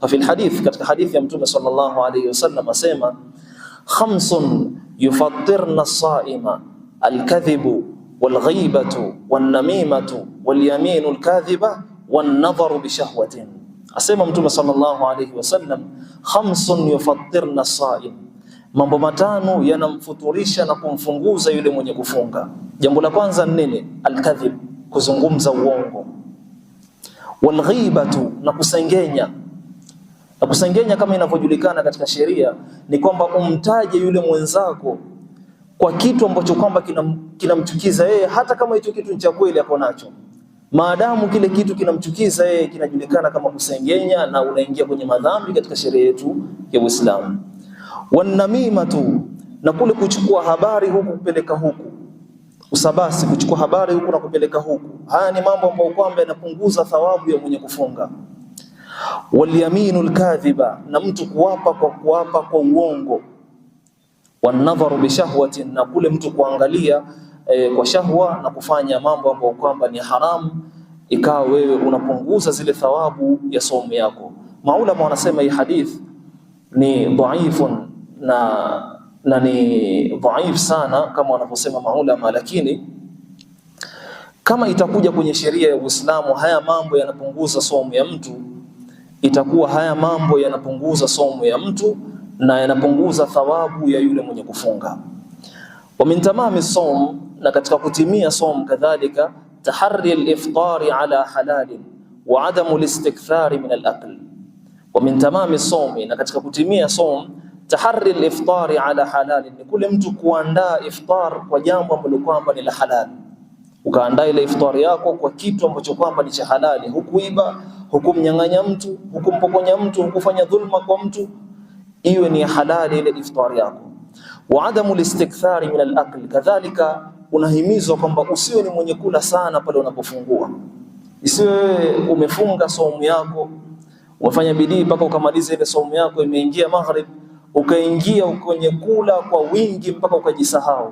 Fa fil hadith, katika hadithi ya Mtume sallallahu alayhi wasallam asema, khamsun yufattirna saima alkadhibu walghaibatu wannamimatu walyaminu alkadhiba wannadharu bishahwatin. Asema Mtume sallallahu alayhi wasallam, khamsun yufattirna saim, mambo matano yanamfuturisha na kumfunguza yule mwenye kufunga. Jambo la kwanza nini? Alkadhib, kuzungumza uongo, walghaibatu, na kusengenya na kusengenya kama inavyojulikana katika sheria ni kwamba umtaje yule mwenzako kwa kitu ambacho kwamba kinamchukiza kina yeye, hata kama hicho kitu ni cha kweli ako nacho, maadamu kile kitu kinamchukiza yeye kinajulikana kama kusengenya, na unaingia kwenye madhambi katika sheria yetu ya Uislamu. Wanamima tu na kule kuchukua habari huku kupeleka huku, usabasi, kuchukua habari huku na kupeleka huku. Haya ni mambo ambayo kwamba yanapunguza thawabu ya mwenye kufunga walyaminu lkadhiba, na mtu kuapa kwa kuapa kwa uongo, wanadharu bishahwati na kule mtu kuangalia e, kwa shahwa na kufanya mambo ambayo kwamba ni haramu, ikawa wewe unapunguza zile thawabu ya somo yako. Maulama wanasema hii hadith ni dhaifun na, na ni dhaif sana kama wanavyosema maulama, lakini kama itakuja kwenye sheria ya Uislamu haya mambo yanapunguza somo ya mtu itakuwa haya mambo yanapunguza somo ya mtu na yanapunguza thawabu ya yule mwenye kufunga. Wa min tamami som, na katika kutimia som kadhalika, tahari liftari ala halalin wa adamu listikthari min alaql. Wa min tamami som, na katika kutimia som tahari liftari ala halalin, ni kule mtu kuandaa iftar kwa jambo ambalo kwamba ni la halali, ukaandaa ile iftar yako kwa kitu ambacho kwamba ni cha halali, hukuiba hukumnyang'anya mtu, hukumpokonya mtu, hukufanya dhulma kwa mtu, iwe ni halali ile iftari yako. Wa adamu listikthari min alakli, kadhalika unahimizwa kwamba usiwe ni mwenye kula sana pale unapofungua. Isiwe umefunga saumu yako umefanya bidii mpaka ukamaliza ile saumu yako, imeingia maghrib, ukaingia kwenye kula kwa wingi mpaka ukajisahau.